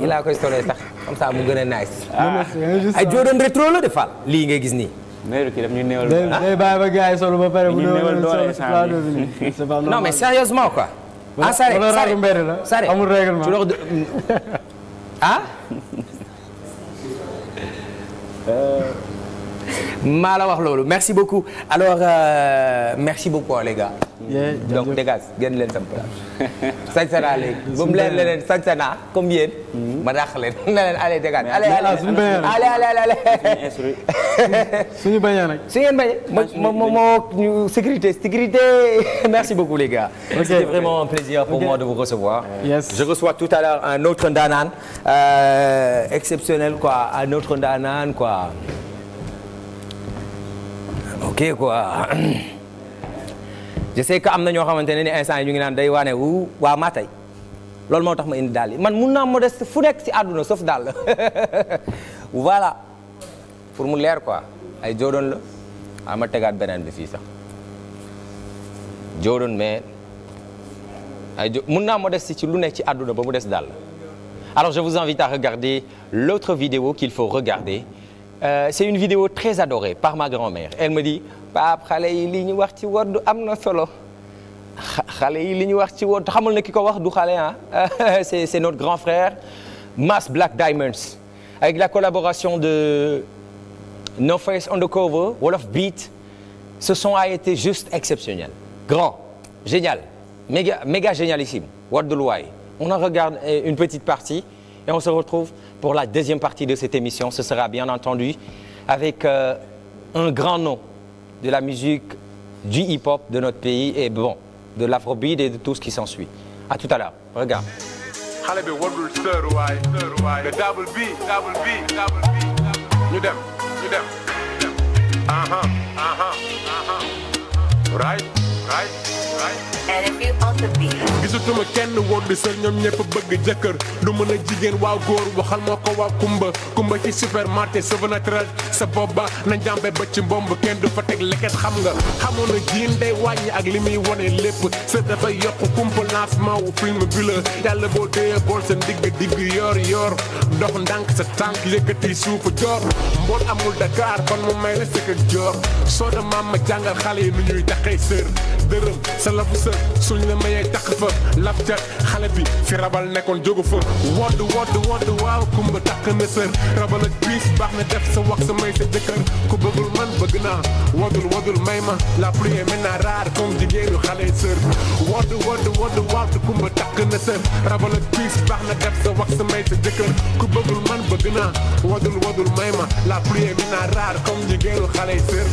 ñu laa koy solee sax comme ça mu gën a nice. Ah. ay Jordan rétro la defal lii ngay gis nii. Neyru kii ba gars solo ba pare. bu néewal doole saa bi non mais sérieusement quoi. ah Sare Sare la Sare amul wax loolu merci beaucoup alors euh, merci beaucoup les donc dégage génn leen sama place. sañse naa léegi ba mu leen leen sañse naa comme yéen. Hmm. ma dàq leen na leen allez dégage. allez allez allez suñu bañee nag. su ngeen bañee ma ma ma sécurité sécurité merci beaucoup les gars. ok c'était vraiment un plaisir pour moi de vous recevoir. yes je reçois tout à l'heure un autre ndaanaan euh, exceptionnel quoi un autre ndaanaan quoi ok quoi. je sais que am na ñoo xamante ne ni instant yi ñu ngi naan day waane wu waa maa tey loolu moo tax ma indi daal yi man mun naa modeste fu nekk ci àdduna sauf daal la voilà pour mu leer quoi ay jodon la ama ah, tegaat beneen bi fii sax joodoon mais ay jo mun naa modeste ci lu nekk ci àdduna ba mu des daal alors je vous invite à regarder l'autre vidéo qu'il faut regarder euh, c'est une vidéo très adorée par ma grand-mère elle me dit paap xale yi li ñu wax ci woddu am na solo xale yi li ñu wax ci woddu xamul na ki ko wax du xale ah c'est c'est notre grand frère Mass Black Diamonds avec la collaboration de No Face Undercover Wolof Beat ce son a été juste exceptionnel grand génial méga méga génialissime wadduwaay on en regarde euh, une petite partie et on se retrouve pour la deuxième partie de cette émission ce sera bien entendu avec euh, un grand nom de la musique, du hip-hop de notre pays et de l'afrobeat et de tout ce qui s'ensuit. À tout à l'heure. Regarde. xale double B double B double B. ñu dem ñu dem. aha aha aha. right. gisutuma kenn woon di sër ñoom ñëpp bëgg jëkkër du mën a jigéen waaw góor waxal moo ko waa kumba kumba ci supermarché sava naturel sa bobba na njàmbe ba ci mbomb kenn du fa teg leket xam nga xamoon na jiin day wàññi ak li muy wone lépp sër dafay yokk kumpa lancement wu film bi la yàlla boo dee bool sa ndigg digg yoor yoor dox ndànk sa tànk yëkkati suufu joor mbool amul Dakar kon mu may la sëkk joor soo da maam ma jàngal xale yi nu ñuy taxee sër dërëm sa lafu sër suñ la mayee takk fa lab cat xale bi fi rabal nekkoon jógu fa wodd wodd wodd waaw kumba takk na sër rabal ak piis na def sa wax sa may sa jëkkër ku bëggul man bëgg naa woddul woddul may ma la pluie est maintenant rare comme jigéenu xale sër wodd wodd wodd waaw kumba takk na sër rabal ak piis baax na def sa may sa jëkkër ku bëggul ma la pluie est maintenant rare comme jigéenu xale sër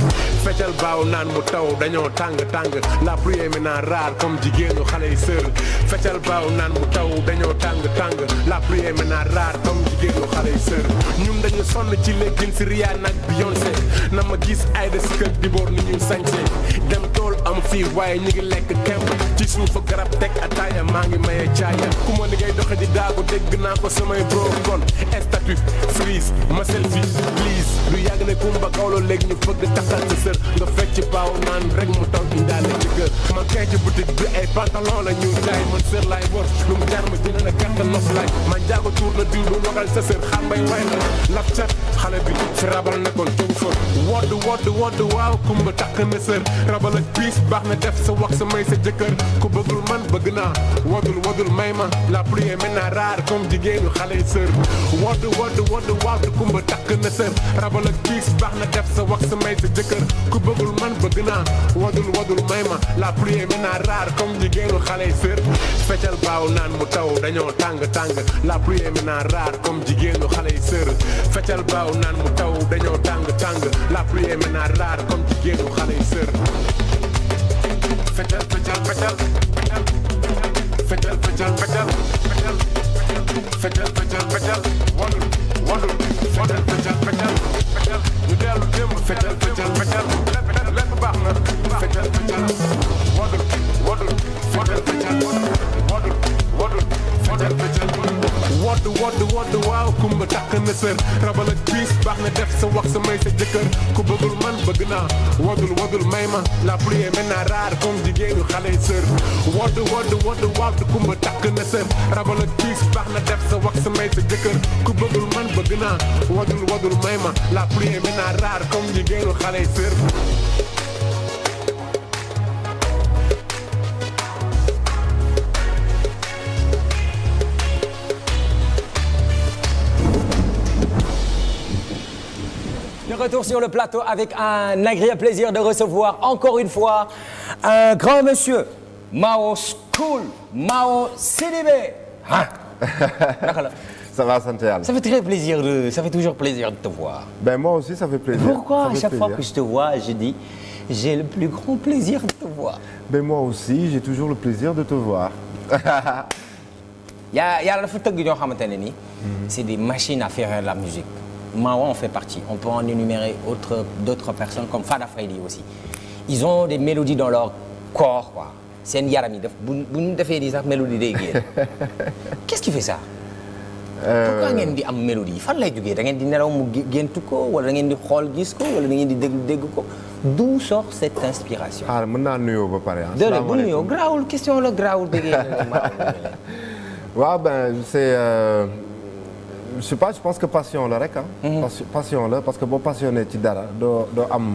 feccal baaw naan mu taw dañoo tàng tàng la pluie est maintenant rare comme jigéenu xale yi sër feccal baaw naan mu taw dañoo tàng tàng la pluie est maintenant rare comme jigéenu xale yi sër ñun dañu sonn ci léggin si Rihanna ak Beyoncé na ma gis Aïda si di boor ni ñuy sañse dem tool am fii waaye ñu ngi lekk kemb ci suufu garab teg ataaya maa ngi maye caaya ku ma li ngay doxe di daagu dégg naa ko samay bro kon statut freeze ma selfie please du yàgg ne kumba kawlo léegi ñu fëgg takkal sa sër nga fekk ci paaw naan rek mu taw indaale ci kër man kay ci boutique bi ay pantalon la ñuy jaay man sër laay lu mu jaar ma jënd na gàtt nos laay ma jaago tuur na diw du wagal sa sër xam bay way na laf cat xale bi fi rabal nekkoon tëgu fa wodd wodd wodd waaw kumba takk na sër rabal ak piis baax na def sa wax sa may sa jëkkër ku bëggul man bëgg naa wodul wodul may ma la pluie est maintenant rare comme jigéenu xale yi sër wodd wodd wodd waawtu kumba takk na sër rabal ak kiis baax na def sa wax sa may sa jëkkër ku bëggul man bëgg naa wodul wodul may ma la pluie est maintenant rare comme jigéenu xale yi sër feccal baaw naan mu taw dañoo tàng tàng la pluie est maintenant rare comme jigéenu xale yi sër feccal baaw naan mu taw dañoo tàng tàng la pluie est maintenant rare comme jigéenu xale yi sër fetal fetal fetal fetal fetal fetal fetal fetal fetal wonul wonul fetal fetal fetal fetal ñu dellu démb fetal fetal fetal lépp baax na fetal fetal wonul wonul fetal fetal wonul wonul fetal fetal wodd wodd wodd waaw kumba takk na sër rabal ak piis baax na def sa wax sa may sa jëkkër ku man bëgg naa wodul wodul may la pluie est maintenant rare comme jigéenu xale yi sër wodd wodd wodd wodd kumba takk na sër rabal ak kiis na def sa wax sa may sa jëkkër ku bëggul man bëgg naa wodul wodul may la pluie est maintenant rare jigéenu xale sër retour sur le plateau avec un agréable plaisir de recevoir encore une fois un grand monsieur Mao School Mao Sidibé ah naka la. ça va sant yàlla. ça fait très plaisir de ça fait toujours plaisir de te voir. ben moi aussi ça fait plaisir. pourquoi à chaque plaisir. fois que je te vois je dis j'ai le plus grand plaisir de te voir. ben moi aussi j'ai toujours le plaisir de te voir. yaa yàlla dafa tëgg ñoo xamante ne ni. c'est des machines à faire de la musique. Mawa en fait partie. On peut en énumérer autre, d'autres personnes comme Fada Freddy aussi. Ils ont des mélodies dans leur corps quoi. seen yaram yi daf bu bu ñu defee nii sax mélodie day génn. qu'est-ce qui fait ça. Euh, pourquoi ngeen di am mélodie yi fan lay jógee da ngeen di nelaw mu géntu ko wala da ngeen di xool gis ko wala da ngeen di déglu dégg ko d'où sort cette inspiration. xaaral mën naa nuyoo ba pare. déedéet bu nuyoo grawul question la grawul déggee. waaw ben c'est. Euh... je sais pas je pense que passion la rek ah. passion la parce que boo passionné ci dara doo doo am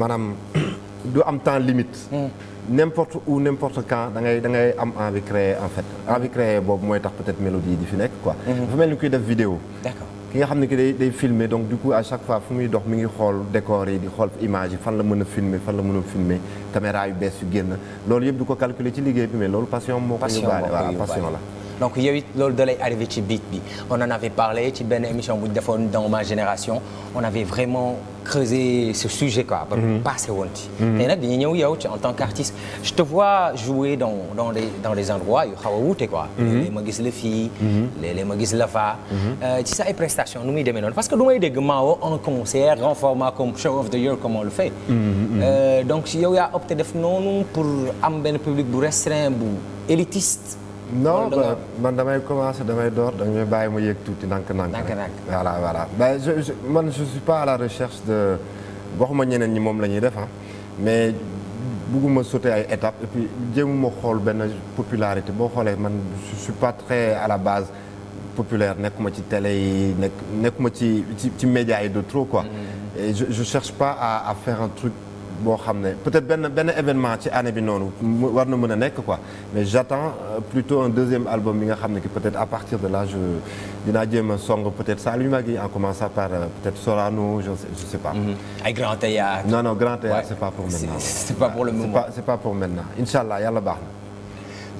maanaam du am temps limite. Mhm. n'importe où n'importe quand da ngay da ngay am envie créer en fait envie créer boobu mooy tax peut-être mélodie di fi nekk quoi. Mhm. dafa mel ni kuy def vidéo. d'accord ki nga xam ne ki day day filmer donc du coup à chaque fois fu muy dox mi ngi xool décor yi di xool image yi fan la mën a filmer fan la mën a filmer caméra yu bees yu génn loolu yëpp du ko calculer ci liggéey bi mais loolu passion moo ko yóbbaale. passion la. donc yow it loolu da lay arrivé ci beat bi on en avait parlé ci benn émission bu ñu defoon dans ma génération on avait vraiment creusé ce sujet quoi. ba mhm. passé woon ci. Mhm. tey nag dañuy ñëw yow ci en tant qu'artiste je te vois jouer dans dans des dans des endroits yu xaw a wuute quoi. Mhm. léeg-léeg ma gis la fii. léeg-léeg ma gis la faa. Euh, ci sa ay prestations nu muy demee noonu parce que lu may dégg Mao en concert en format comme show of the year comme on le fait. Euh, donc yow yaa opté def noonu pour am benn public bu restreint bu élitiste. non man damay commencer damay door dañuy bàyyi ma yéeg tuuti nank ndànk ndànk-ndànk voilà voilà. mais je man je suis pas à la recherche de waxuma ñeneen ñi moom la ñuy def mais bugguma sauter ay étapes et puis jéemuma xool benn popularité boo xoolee man je suis pas très à la base populaire nekkuma ci télé yi nekk nekkuma ci ci ci médias yi de trop quoi. Mm-hmm. et je je cherche pas à à faire un truc. boo xam ne peut-être benn benn événement ci bi noonu war na mën a nekk quoi mais j'attends euh, plutôt un deuxième album bi nga xam ne que peut-être à partir de là je dinaa jéem a song peut-être Saliou Magui en commençant par euh, peut-être Sorano je je sais pas. Mm-hmm. ay grand théâtre. non non grand théâtre c'est pas pour maintenant. c'est pas allah yàlla baax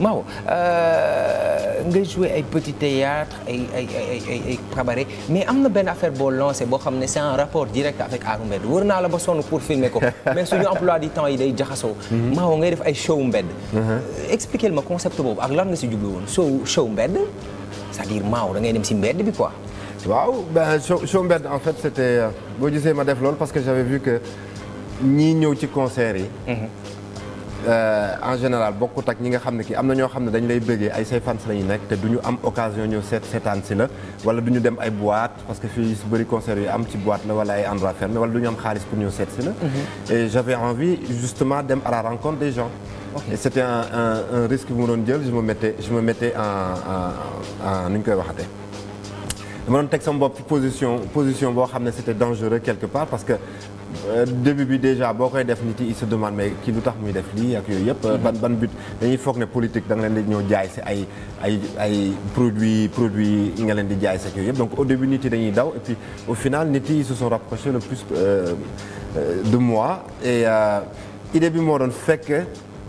Maw euh, ngay jouer ay petit théâtre ay ay ay ay mais am na benn affaire boo lancé boo xam ne c'est un rapport direct avec aaru mbedd naa la ba sonn pour filmer ko mais suñu emploi du temps yi day jaxasoo. Mhm. Maw ngay def ay show mbedd. Mhm. expliquer ma concept boobu ak lan nga si jublu woon show show mbedd c'est-à-dire Maw da ngay dem si mbedd bi quoi. waaw ben show show mbedd en euh, boo gisee ma def lool parce que j'avais vu que ñii ñëw ci concert yi. Mhm. Euh, en général bokkut ak ñi nga xam ne kii am na ñoo xam ne dañ lay bëggee ay la ñu nekk te du ñu am occasion ñëw seet seetaan si la wala ñu dem ay boîte parce que fii su bëri concert am ci boîte la wala ay endroit fermé wala du ñu am xaalis pour ñëw seet si la mhm. et j'avais envie justement dem à la rencontre des gens Okay. Et c'était un, un, un risque bu doon jël je me mettais je me mettais en nu ñu a waxatee dama doon teg sama bopp position position boo xam ne c'était dangereux quelque part parce que Euh, debut bi déjà boo koy def nit yi se demande mais kii lu tax muy def lii ak yooyu yëpp. ban ban but dañuy foog ne politique da leen di ñëw jaay si ay ay ay produits produits nga leen di jaay si ak yooyu yëpp donc au début nit yi dañuy daw et puis au final nit yi se sont rapprochés le plus euh, euh, de moi et idée bi moo doon fekk.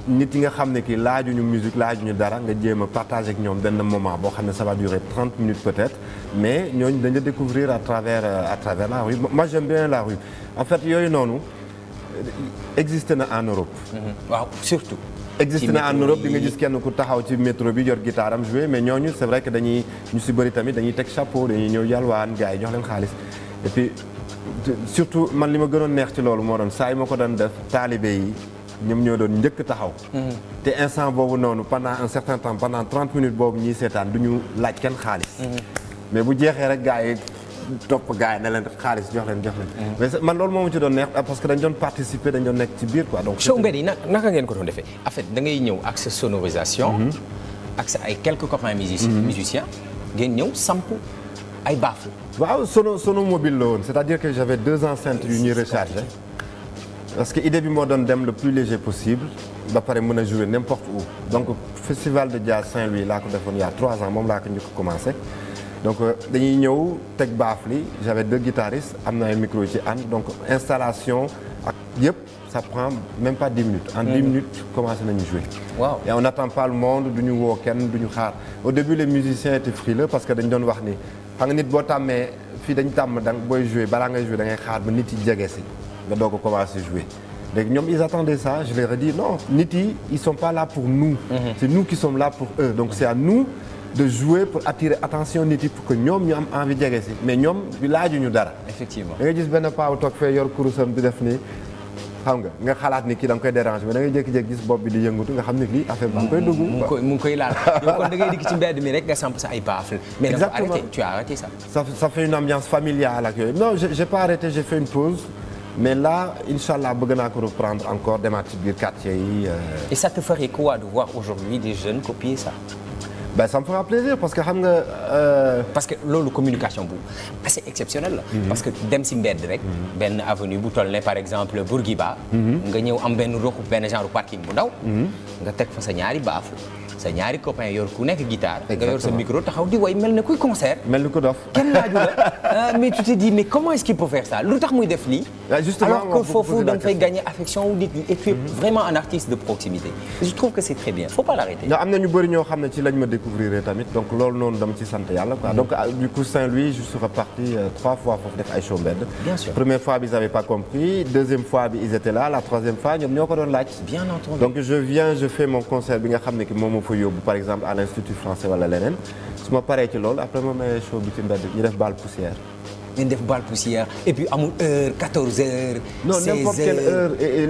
nit yi nga xam ne kii laajuñu musique ñu dara nga jéem a partager ak ñoom benn moment boo xam ne ça va durer trente minutes peut-être mais ñooñu dañu découvrir à travers à travers la rue moi j'aime bien en fait yooyu noonu existe na en Europe. Mm-hmm. waaw surtout. existe na en Europe di nga gis kenn ku taxaw ci métro bi yor guitare am joué mais ñooñu c'est vrai que dañuy ñu si bëri tamit dañuy teg chapeau dañuy ñëw yàlwaan gars yi jox leen xaalis et puis surtout man li ma gënoon neex ci loolu moo doon saa yi ma ko doon def taalibe yi ñoom ñoo doon njëkk taxaw. Mm-hmm. te instant boobu noonu pendant un certain temps pendant 30 minutes boobu ñuy seetaan duñu ñu laaj kenn xaalis. Mm-hmm. topp gars yi ne leen xaalis jox leen jox leen. Mm. mais man loolu moo ma ci doon neex ah, parce que dañ doon participer dañ doon nekk ci biir quoi. donc show mbedd yi naka ngeen ko doon en fait da ngay ñëw sonorisation. Mm-hmm. ak ay quelques copains musiciens. Mm-hmm. musiciens ngeen ñëw samp ay baaf. waaw sono sono mobile c'est-à-dire que j'avais deux enceintes yu ñuy recharger parce que idée bi moo doon dem le plus léger possible ba pare mën a jouer n'importe où donc festival de jazz Saint-Louis laa ko defoon a trois ans moom laa commencé. donc euh, dañuy ñëw teg baafli j'avais deux guitaristes am na ay micro ci am donc installation ak yëpp ça prend même pas dix minutes en dix mm. minutes commencé nañu jouer on n'attend pas le monde du ñu woo kenn du ñu xaar au début les musiciens étaient frileux parce que dañ doon wax ni xam nga nit boo tàmmee fii dañ tàmm da booy jouer balaa ngay jouer da ngay xaar ba nit yi jege si nga doog a commencé jouer léegi ñoom ils attendaient ça nit yi ils sont pour nous mm-hmm. c'est nous qui sommes là pour eux donc c'est de jouer pour attirer attention nit yi pour que ñoom ñu am envie jege si mais ñoom laajuñu dara. effectivement da nga paaw toog fee yor kurusam di def xam nga nga xalaat ni kii da nga koy déranger mais da ngay jékki-jékki gis bopp bi di yëngatu nga xam ne lii affaire bi mu ngi koy dugg. mu ngi koy mu nga samp sa ay mais da nga arrêté tu as fait une ambiance familiale ak yooyu non j'ai pas arrêté j'ai fait une pause mais là incha allah bëgg naa ko reprendre encore demaat ci biir quartier yi. Euh. et ça te ferait quoi de voir aujourd'hui des jeunes ben ça me fera plaisir parce que xam nga. Euh, parce que loolu communication bu assez exceptionnelle la. Mhm. parce que dem si mbedd rek. Mhm. benn avenue bu toll ne par exemple Bourguiba. Mhm. nga ñëw am benn ruq benn genre parking bu ndaw. nga teg fa sa ñaari baaf. sa ñaari copains yor ku nekk guitare. nga yor sa micro taxaw di way mel ne kuy concert. mel ni ku dof kenn laaju la euh, mais tu te dis mais comment est-ce qu'il peut faire ça lu tax muy def lii. Ah, alors que foofu da nga fay gagner affection wu nit ñi et puis mhm. vraiment un artiste de proximité. je trouve que c'est très bien faut pas l'arrêter. am na ñu bëri ñoo xam ne ci lañ ma découvrir tamit donc loolu noonu dama ci sant yàlla quoi mhm. donc ah, du coup Saint-Louis je suis reparti euh, trois fois foofu def ay show mbedd. bien sûr première fois bi ils avaient pas compris deuxième fois bi ils étaient là la troisième fois ñoom ñoo ko doon laaj. bien entendu donc je viens je fais mon concert bi nga xam ne moom ko yóbbu par exemple à l'institut français wala leneen su ma paree ci loolu après ma mayee show bi ci mbedd ñu def bal poussière. ngeen def bal poussière et puis amul heure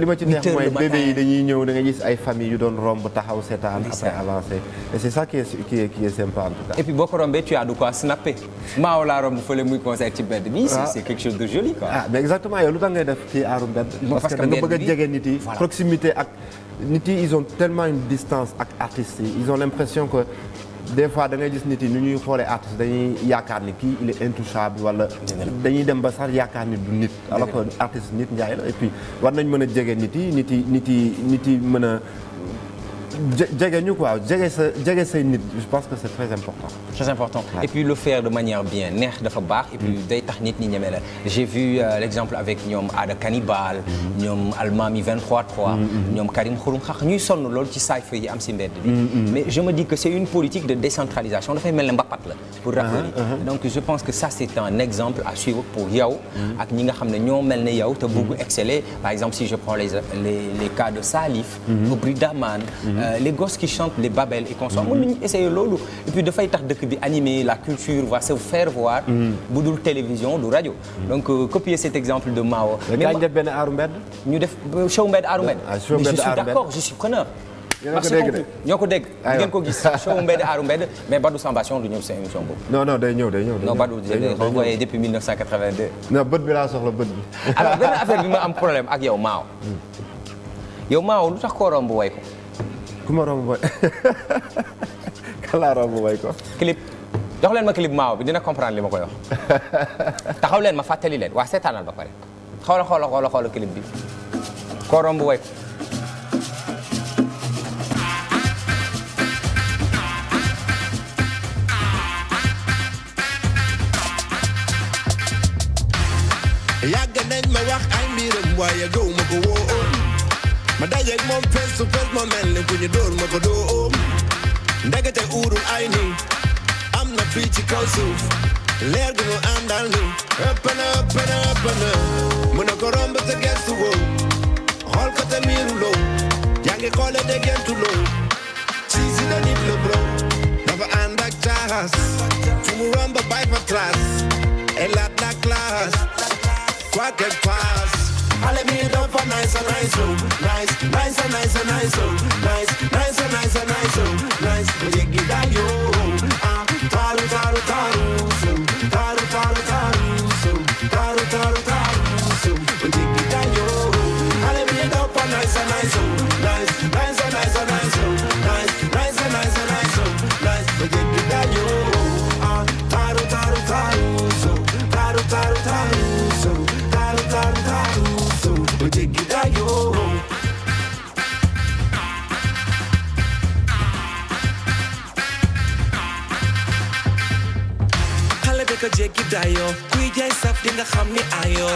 li ma ci neex mooy bébé yi dañuy ñëw da nga gis ay famille yu doon romb taxaw seetaan. après avancé et c'est ça qui est qui est qui boo ko rombee tu as de quoi snapper maa romb fële muy concert ci mbedd bi. waaw ah. c'est quelque chose de joli ah mais exactement yow lu tax ngay def a nit yi ils ont tellement une distance ak artistes yi ils ont l'impression que des fois da ngay gis nit yi nu ñuy xoolee artiste dañuy yaakaar ni kii il est intouchable wala dañuy dem ba sax yaakaar nit du nit alors que artiste nit njaay la et nañ mën a jege nit yi nit yi nit yi nit yi mën a jege ñu quoi jege sa jege say nit je pense que c'est très important. très important ouais. et puis le faire de manière bien neex dafa baax. et puis mm. day tax nit ñi ñeme la j'ai vu euh, l'exemple avec ñoom Ada Cannibal. Mm-hmm. ñoom Almami 23-3. Mm-hmm. ñoom Karim Xurum Xax ñuy sonn lool ci saay-fa yi am si mbedd bi. Mm-hmm. mais je me dis que c'est une politique de décentralisation dafay mel ne mbapat la. pour rappel uh-huh, uh-huh. donc je pense que ça c'est un exemple à suivre pour yow. ak ñi nga xam ne ñoo mel ne yow te bëgg exceller par exemple si je prends les les les cas de Salif. Brida Man. Euh, les gosses qui chantent les babel et consorts mën essayer loolu et puis dafay tax dëkk bi animer la culture va se faire voir mm. bu dul télévision du rajo mm. donc euh, copier cet exemple de Mao mais def benn aaru mbedd ñu def euh, show mbedd aaru ah, je suis d'accord je suis preneur ñoo ko dégg ah, di ngeen ko gis show mbedd aaru mbedd mais Badou Sambation du ñëw seen émission boobu non non day ñëw day ñëw non Badou renvoyé depuis 1982 non bët bi laa soxla bët bi alors benn affaire bi ma am problème ak yow Mao hmm. yow lu tax koo ku ma romb mooy kalaa romb ko. clip jox leen ma clip maaw bi dina comprendre li ma koy wax taxaw leen ma fàttali leen waa seetaanal ba pare xoola xoola clip bi koo romb ko. ma dajeeg moom fees su fees ma mel ni ku dóor ma ko dóom uurul ay ni am na fii ci kaw leer gi mu àndal ni ëpp na na ko romb sa gestu wow xool ko te miiru loo yaa ngi xoole de gentu loo si si la nit la bro dafa ànd ak caaxas fu mu romb bay fa trace et la classe quoi qu'elle I let me down for nice and nice, oh, nice, nice and nice and nice, oh, nice, nice and nice. nga xam ni ayoo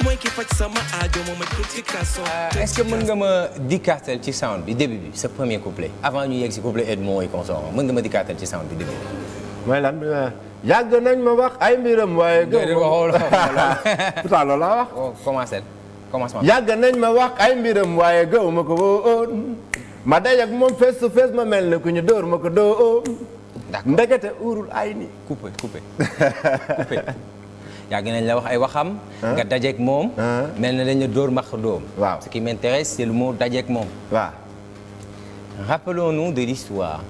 mooy ki faj sama aajo moom ak complication. Ah, nga ma dikkaatal ci sound bi début bi sa premier couplet avant ñu yegg si couplet Edmond et consorts mën nga ma dikkaatal ci sound bi début bi. mooy lan euh, yàgg nañ ma wax ay mbiram waaye. gërëm pourtant loolu oh, yàgg nañ ma wax ay mbiram waaye gaw ma ko woon ma day ak moom face to face ma mel ne ku ñu ma ko doo. d'accord ndekete uurul ay ni coupé coupé yàgg nañ la wax ay waxam. Ah. nga dajeeg moom. Ah. mel na dañ la dóor max doom. waaw ce qui m'intéresse c'est le mot dajeeg moom. waaw. rappelons-nous de l'histoire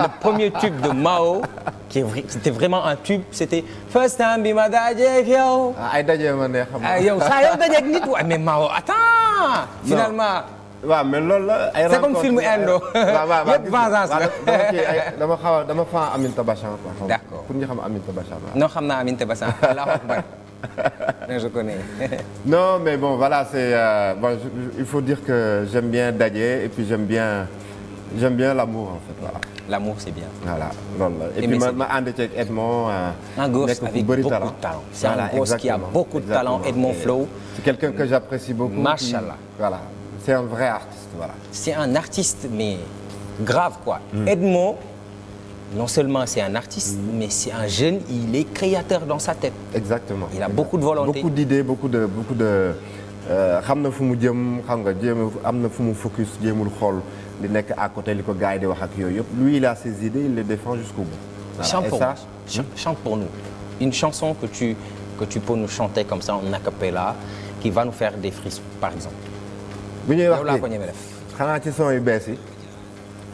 le premier tube de Mao qui était vraiment un tube c'était first time bi ma dajeeg yow. Ah, ay daje ma ne xam nga. yow saa yow dajeeg nit waaye mais Mao attends. finalement. waaw mais loolu la ay rencontre c'est comme film indo. Euh, waaw waaw yëpp vengeance la dama xaw a dama faa Aminata Bachchan ñu xam Aminata Bachchan xam naa Aminata Bachchan Allahu akbar je connais. non voilà c'est euh, il faut dire que j'aime bien daje et puis j'aime bien bien l'amour en fait l'amour c'est bien. voilà loolu la et puis ma ma ànd ceeg Edmond. Euh, en avec beaucoup talent. c'est un gosse qui a beaucoup de talent Edmond Flow. c'est quelqu'un que j'apprécie beaucoup. machallah voilà. C'est un vrai artiste, voilà. C'est un artiste, mais grave, quoi. Mm. Edmond, non seulement c'est un artiste, mm. mais c'est un jeune, il est créateur dans sa tête. Exactement. Il a Exactement. beaucoup de volonté. Beaucoup d'idées, beaucoup de... Beaucoup de... Euh, xam na fu mu jëm xam nga jéem am na fu mu focus jéemul xool li nekk à côté li ko gars yi di wax ak yooyu yëpp lui il a ses idées il les défend jusqu'au bout. Voilà. chante pour ça, nous. Hmm? chante pour nous une chanson que tu que tu peux nous chanter comme ça en a cappella qui va nous faire des frissons par exemple. bu ñuy wax ko ñeme def xanaa ci son yu bees yi.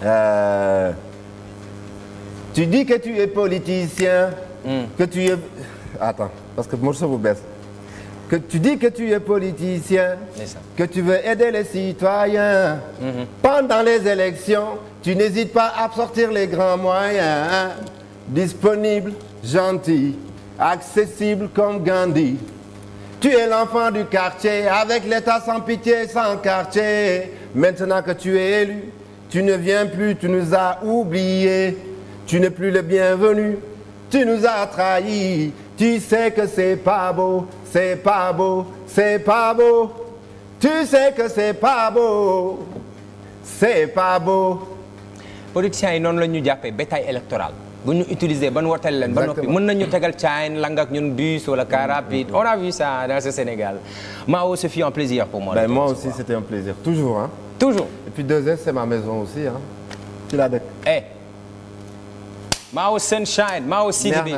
Euh, tu dis que tu es politicien. Hmm. que tu es. attends parce que morceau bu bees. que tu dis que tu es politicien. que tu veux aider les citoyens. Hmm. pendant les élections tu n'hésites pas à sortir les grands moyens. disponible gentil accessible comme Gandhi. Tu es l'enfant du quartier, avec l'État sans pitié, sans quartier. Maintenant que tu es élu, tu ne viens plus, tu nous as oubliés. Tu n'es plus le bienvenu, tu nous as trahis. Tu sais que c'est pas beau, c'est pas beau, c'est pas beau. Tu sais que c'est pas beau, c'est pas beau. politiciens yi noonu la ñu jàppee bétail électoral. bu ñu utiliser ba nu woteel leen. ba noppi mën nañu tegal chaîne lang ak ñun bus wala car mm. rapide on a vu ça dans ce Sénégal Mao ce fut un plaisir pour moi. Ben moi aussi c'était un plaisir toujours hein. toujours. et puis 2S c'est ma maison aussi hein. ci laa dëkk. Mao Sunshine, Mao Sidibé.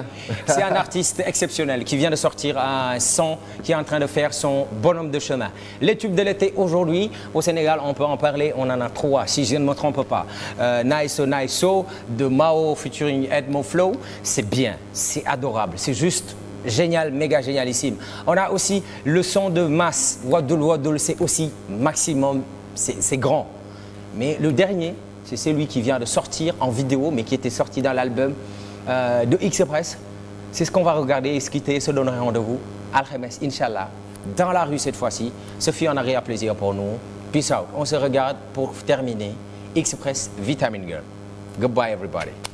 C'est un artiste exceptionnel qui vient de sortir un son qui est en train de faire son bonhomme de chemin. Les tubes de l'été aujourd'hui, au Sénégal, on peut en parler, on en a trois, si je ne trompe pas. Euh, nice So oh, oh, de Mao featuring Edmo Flow, c'est bien, c'est adorable, c'est juste génial, méga génialissime. On a aussi le son de Mass, Wadoul c'est aussi maximum, c'est grand. Mais le dernier, C'est celui qui vient de sortir en vidéo, mais qui était sorti dans l'album euh, de X-Press. C'est ce qu'on va regarder et se quitter, se donner rendez-vous. Alchemes, Inch'Allah, dans la rue cette fois-ci. Ce fut un réel plaisir pour nous. Peace out. On se regarde pour terminer. X-Press Vitamin Girl. Goodbye, everybody.